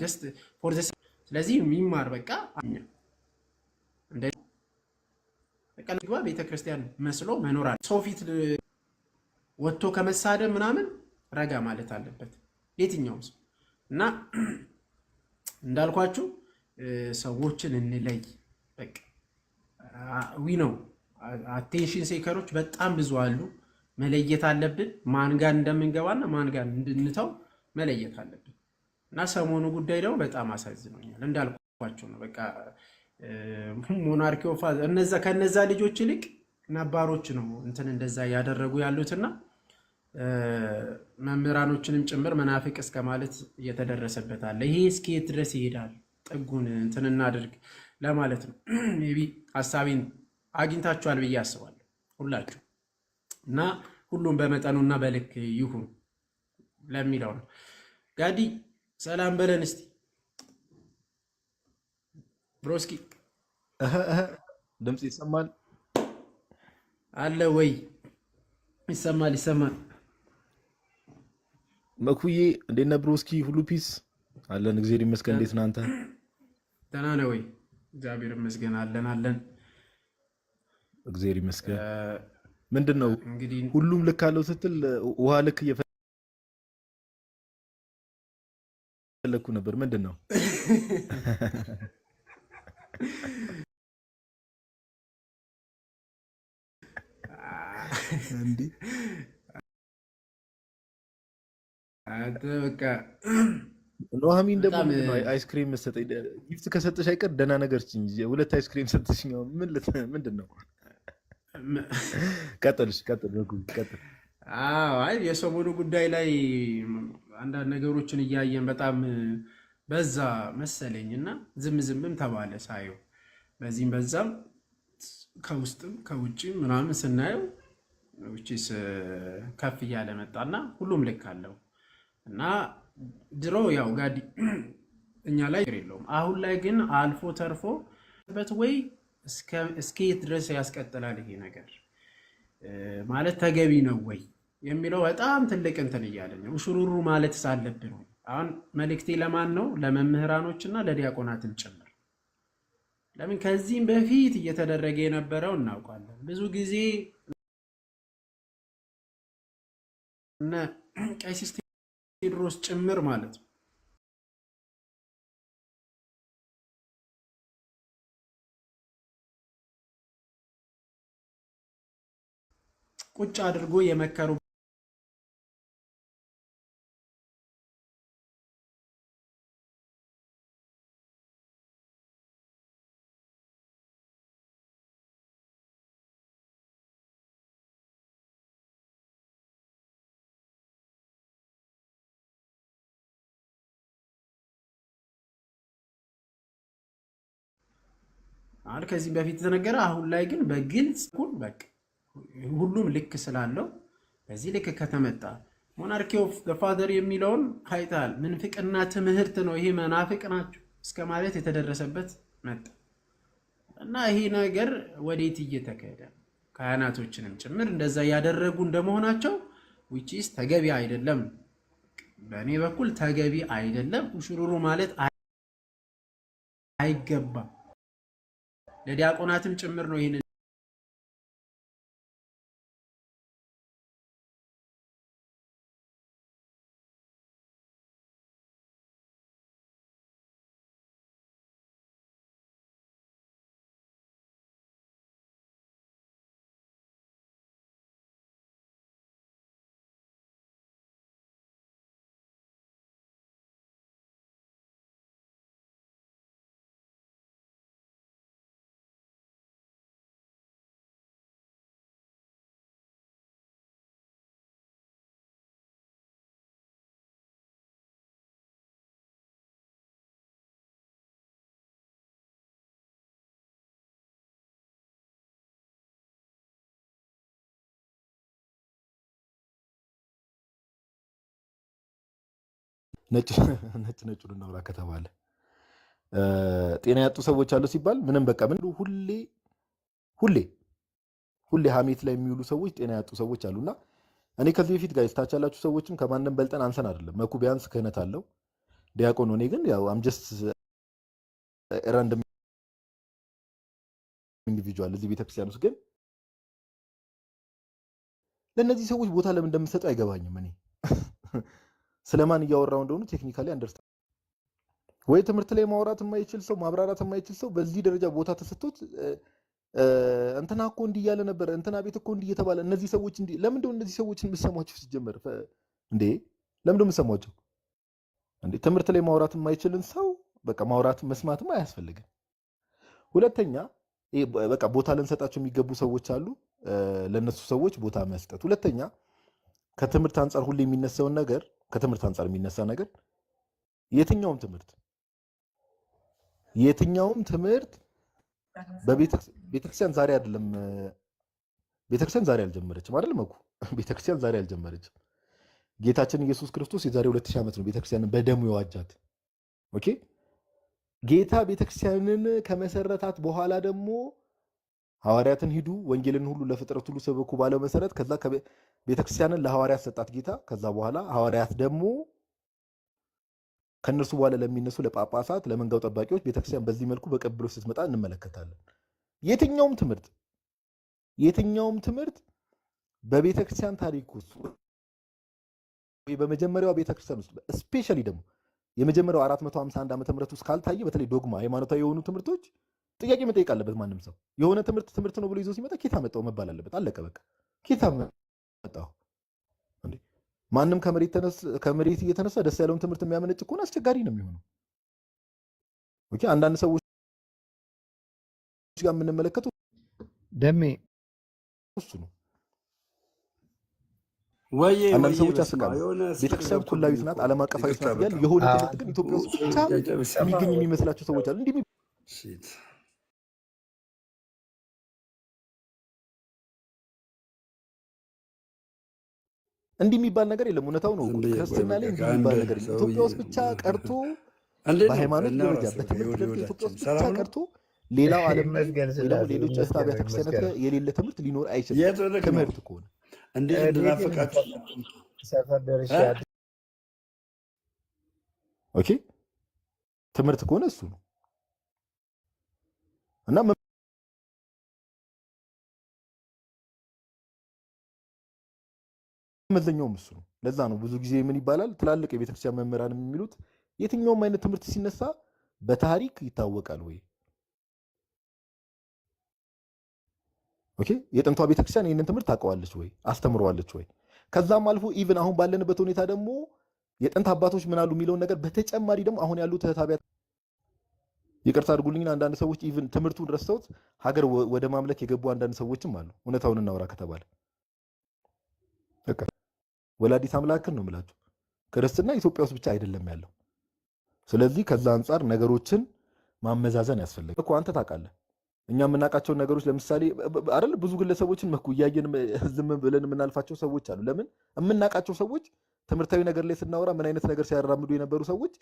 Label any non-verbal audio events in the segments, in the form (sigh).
ጀስት ፎር ዘ ስለዚህ የሚማር በቃ እንደ ግባ ቤተክርስቲያን መስሎ መኖር አለ። ሰው ፊት ወጥቶ ከመሳደ ምናምን ረጋ ማለት አለበት የትኛውም ሰው እና እንዳልኳችሁ ሰዎችን እንለይ። በቃ ዊ ነው አቴንሽን ሴከሮች በጣም ብዙ አሉ። መለየት አለብን ማንጋ እንደምንገባና ማን እንድንተው መለየት አለብን። እና ሰሞኑ ጉዳይ ደግሞ በጣም አሳዝኖኛል። እንዳልኳቸው ነው በቃ ሞናርኪ ከነዛ ልጆች ይልቅ ነባሮች ነው እንትን እንደዛ እያደረጉ ያሉትና መምህራኖችንም ጭምር መናፍቅ እስከ ማለት እየተደረሰበት አለ። ይሄ እስከ የት ድረስ ይሄዳል? ጥጉን እንትን እናድርግ ለማለት ነው። ሜይ ቢ ሀሳቤን አግኝታችኋል ብዬ አስባለሁ ሁላችሁ እና ሁሉም በመጠኑና በልክ ይሁን ለሚለው ነው ጋዲ ሰላም በለን እስቲ ብሮስኪ። ድምፅ ይሰማል አለ ወይ? ይሰማል ይሰማል። መኩዬ እንዴት ነህ? ብሮስኪ ሁሉ ፒስ አለን። እግዚአብሔር ይመስገን። እንዴት ነህ አንተ? ደህና ነህ ወይ? እግዚአብሔር ይመስገን አለን አለን። እግዚአብሔር ይመስገን። ምንድን ነው ሁሉም ልክ አለው ስትል ውሃ ልክ እየፈ እየፈለግኩ ነበር። ምንድን ነው ኑሐሚን ደግሞ አይስክሪም መሰጠኝ ጊፍት ከሰጠሽ አይቀር ደህና ነገር ሁለት አይስክሪም ሰጠሽኝ። ምንድን ነው ቀጥልሽ? ቀጥል ቀጥል አይ የሰሞኑ ጉዳይ ላይ አንዳንድ ነገሮችን እያየን በጣም በዛ መሰለኝ እና ዝም ዝምም ተባለ ሳየው። በዚህም በዛም ከውስጥም ከውጭ ምናምን ስናየው ውጭስ uh, ከፍ እያለ መጣና ሁሉም ልክ አለው እና ድሮ ያው ጋዲ (clears throat) እኛ ላይ የለውም። አሁን ላይ ግን አልፎ ተርፎ በት ወይ እስከ የት ድረስ ያስቀጥላል ይሄ ነገር ማለት ተገቢ ነው ወይ? የሚለው በጣም ትልቅ እንትን እያለኝ ነው። ሹሩሩ ማለት ሳለብን አሁን መልእክቴ ለማን ነው? ለመምህራኖች እና ለዲያቆናትም ጭምር። ለምን ከዚህም በፊት እየተደረገ የነበረው እናውቃለን። ብዙ ጊዜ እነ ቀሲስ ጭምር ማለት ነው ቁጭ አድርጎ የመከሩ አሁን ከዚህ በፊት የተነገረ አሁን ላይ ግን በግልጽ ሁሉም ልክ ስላለው በዚህ ልክ ከተመጣ ሞናርኪ ኦፍ ፋደር የሚለውን አይተሃል። ምንፍቅና ትምህርት ነው ይሄ፣ መናፍቅ ናቸው እስከ ማለት የተደረሰበት መጣ እና ይሄ ነገር ወዴት እየተካሄደ ነው? ካህናቶችንም ጭምር እንደዛ እያደረጉ እንደመሆናቸው ዊችስ ተገቢ አይደለም። በእኔ በኩል ተገቢ አይደለም። ሽሩሩ ማለት አይገባም። ለዲያቆናትም ጭምር ነው ይህንን (laughs) ነጭ ነጩን እናውራ ከተባለ ጤና ያጡ ሰዎች አሉ ሲባል ምንም በቃ ምን ሁሌ ሁሌ ሁሌ ሀሜት ላይ የሚውሉ ሰዎች ጤና ያጡ ሰዎች አሉና እኔ ከዚህ በፊት ጋር ስታች ያላችሁ ሰዎችም ከማንም በልጠን አንሰን አይደለም። መኩ ቢያንስ ክህነት አለው ዲያቆን፣ እኔ ግን ያው አምጀስት ራንደም ኢንዲቪጁዋል እዚህ ቤተክርስቲያን ውስጥ ግን ለእነዚህ ሰዎች ቦታ ለምን እንደምሰጠው አይገባኝም እኔ (laughs) ስለማን እያወራው እንደሆኑ ቴክኒካሊ አንደርስታንድ ወይ ትምህርት ላይ ማውራት የማይችል ሰው ማብራራት የማይችል ሰው በዚህ ደረጃ ቦታ ተሰጥቶት እንትና እኮ እንዲህ እያለ ነበር፣ እንትና ቤት እኮ እንዲህ እየተባለ እነዚህ ሰዎች እንዲህ ለምንድን እነዚህ ሰዎች የምሰማቸው? ሲጀመር እንዴ ለምንድን የምሰማቸው? እንዴ ትምህርት ላይ ማውራት የማይችልን ሰው በቃ ማውራት መስማትም አያስፈልግም። ሁለተኛ በቃ ቦታ ልንሰጣቸው የሚገቡ ሰዎች አሉ፣ ለእነሱ ሰዎች ቦታ መስጠት። ሁለተኛ ከትምህርት አንጻር ሁሌ የሚነሳውን ነገር ከትምህርት አንጻር የሚነሳ ነገር የትኛውም ትምህርት የትኛውም ትምህርት በቤተክርስቲያን ዛሬ አይደለም። ቤተክርስቲያን ዛሬ አልጀመረችም አይደለም እኮ (laughs) ቤተክርስቲያን ዛሬ አልጀመረችም። ጌታችን ኢየሱስ ክርስቶስ የዛሬ 2000 ሺህ ዓመት ነው ቤተክርስቲያንን በደሙ የዋጃት። ኦኬ ጌታ ቤተክርስቲያንን ከመሰረታት በኋላ ደግሞ ሐዋርያትን ሂዱ ወንጌልን ሁሉ ለፍጥረት ሁሉ ሰበኩ ባለው መሰረት ከዛ ቤተክርስቲያንን ለሐዋርያት ሰጣት ጌታ። ከዛ በኋላ ሐዋርያት ደግሞ ከእነርሱ በኋላ ለሚነሱ ለጳጳሳት፣ ለመንጋው ጠባቂዎች ቤተክርስቲያን በዚህ መልኩ በቀብሎ ስትመጣ እንመለከታለን። የትኛውም ትምህርት የትኛውም ትምህርት በቤተክርስቲያን ታሪክ ውስጥ በመጀመሪያው ቤተክርስቲያን ውስጥ ስፔሻሊ ደግሞ የመጀመሪያው 451 ዓመተ ምህረት ውስጥ ካልታየ በተለይ ዶግማ ሃይማኖታዊ የሆኑ ትምህርቶች ጥያቄ መጠየቅ አለበት። ማንም ሰው የሆነ ትምህርት ትምህርት ነው ብሎ ይዞ ሲመጣ ኬታ መጣው መባል አለበት። አለቀ በቃ ኬታ መጣው። ማንም ከመሬት እየተነሳ ደስ ያለውን ትምህርት የሚያመነጭ ከሆነ አስቸጋሪ ነው የሚሆነው። አንዳንድ ሰዎች ጋር የምንመለከተው ደሜ እሱ ነው። አንዳንድ ሰዎች ያስቃሉ። ቤተክርስቲያን ኩላዊት ናት፣ ዓለም አቀፋዊ ናት እያለ የሆነ ትምህርት ግን ኢትዮጵያ ውስጥ ብቻ የሚገኝ የሚመስላቸው ሰዎች አሉ እንዲህ እንዲህ የሚባል ነገር የለም። እውነታው ነው። ክርስትና ላይ እንዲህ የሚባል ነገር ኢትዮጵያ ውስጥ ብቻ ቀርቶ በሃይማኖት ደረጃ በትምህርት ደረጃ ኢትዮጵያ ውስጥ ብቻ ቀርቶ ሌላው ዓለም (laughs) ሌሎች እህት አብያተ ክርስቲያናት ጋር የሌለ ትምህርት ሊኖር አይችልም። ትምህርት ከሆነ እንዴት ኦኬ ትምህርት ከሆነ እሱ ነው እና መለኛውም እሱ ነው። ለዛ ነው ብዙ ጊዜ ምን ይባላል ትላልቅ የቤተክርስቲያን መምህራን የሚሉት የትኛውም አይነት ትምህርት ሲነሳ በታሪክ ይታወቃል ወይ? ኦኬ የጥንቷ ቤተክርስቲያን ይህንን ትምህርት ታውቀዋለች ወይ? አስተምረዋለች ወይ? ከዛም አልፎ ኢቭን አሁን ባለንበት ሁኔታ ደግሞ የጥንት አባቶች ምን አሉ የሚለውን ነገር በተጨማሪ ደግሞ አሁን ያሉ ተታቢያት ይቅርታ አድርጉልኝ፣ አንዳንድ ሰዎች ኢቭን ትምህርቱን ረስተውት ሀገር ወደ ማምለክ የገቡ አንዳንድ ሰዎችም አሉ። እውነታውን እናውራ ከተባለ ወላዲት አምላክን ነው የምላችሁ። ክርስትና ኢትዮጵያ ውስጥ ብቻ አይደለም ያለው። ስለዚህ ከዛ አንጻር ነገሮችን ማመዛዘን ያስፈልጋል እኮ አንተ ታውቃለህ። እኛ የምናውቃቸውን ነገሮች ለምሳሌ አይደል ብዙ ግለሰቦችን መኩ እያየን ዝም ብለን የምናልፋቸው ሰዎች አሉ። ለምን የምናውቃቸው ሰዎች ትምህርታዊ ነገር ላይ ስናወራ ምን አይነት ነገር ሲያራምዱ የነበሩ ሰዎች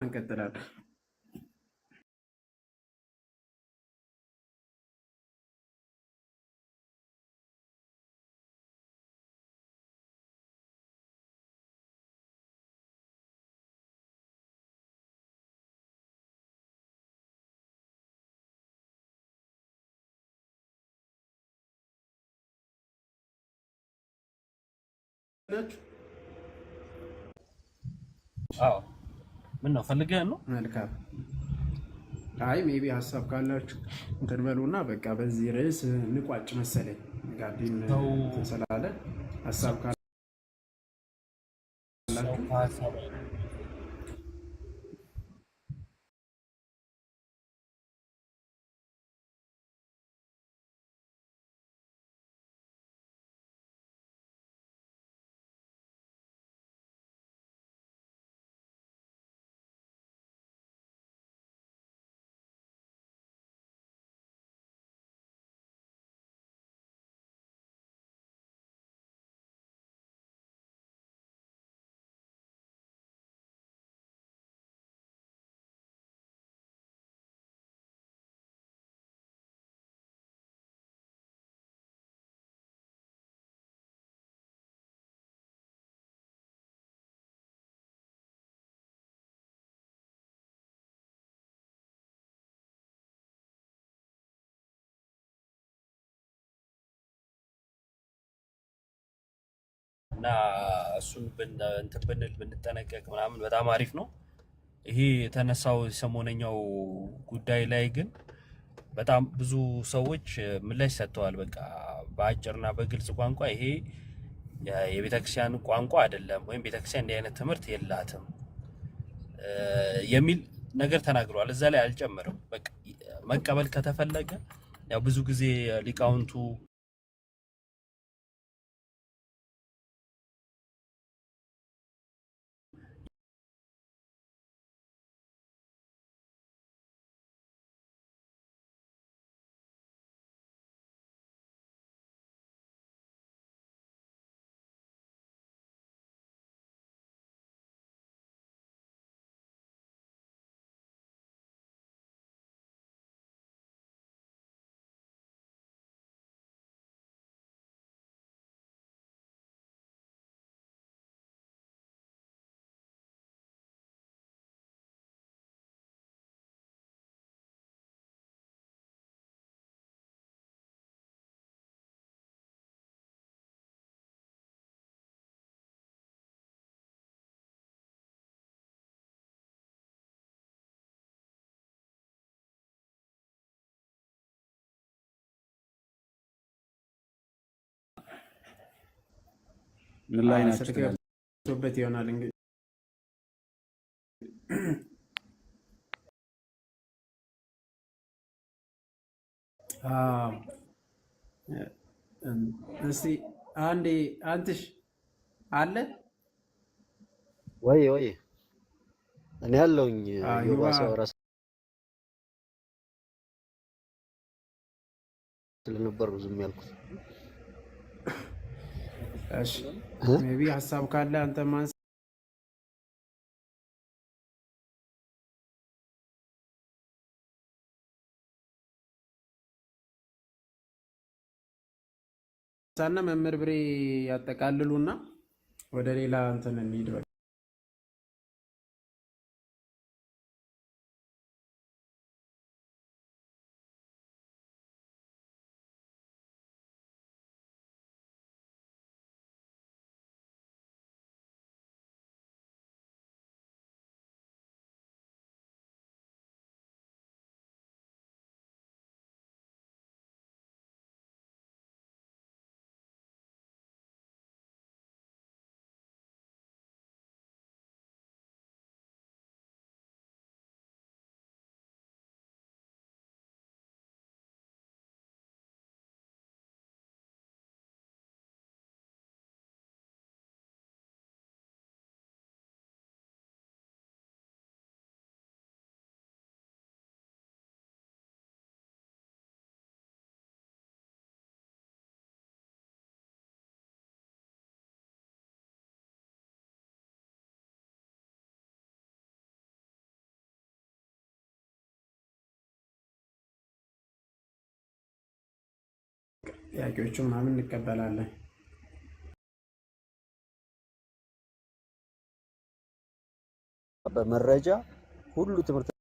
qué Nacho. Oh. ምን ነው ፈልገህ ነው? መልካም አይ ሜቢ ሀሳብ ካላችሁ እንትን በሉና በቃ በዚህ ርዕስ ንቋጭ መሰለኝ። ጋቢን ተሰላለ ሀሳብ ካላችሁ እና እሱን እንትን ብንል ብንጠነቀቅ ምናምን በጣም አሪፍ ነው። ይሄ የተነሳው ሰሞነኛው ጉዳይ ላይ ግን በጣም ብዙ ሰዎች ምላሽ ሰጥተዋል። በቃ በአጭርና በግልጽ ቋንቋ ይሄ የቤተክርስቲያን ቋንቋ አይደለም ወይም ቤተክርስቲያን እንዲህ አይነት ትምህርት የላትም የሚል ነገር ተናግረዋል። እዛ ላይ አልጨምርም። መቀበል ከተፈለገ ያው ብዙ ጊዜ ሊቃውንቱ ምን ላይ ናቸውበት ይሆናል እንግዲህ እስቲ አንዴ አንትሽ አለ ወይ ወይ እኔ ያለውኝ ስለነበር ዝም ያልኩት ቢ ሀሳብ ካለ አንተ ማንስ ሳና መምህር ብሬ ያጠቃልሉና ወደ ሌላ እንትን እንሂድ። ጥያቄዎቹ ምናምን እንቀበላለን። በመረጃ ሁሉ ትምህርት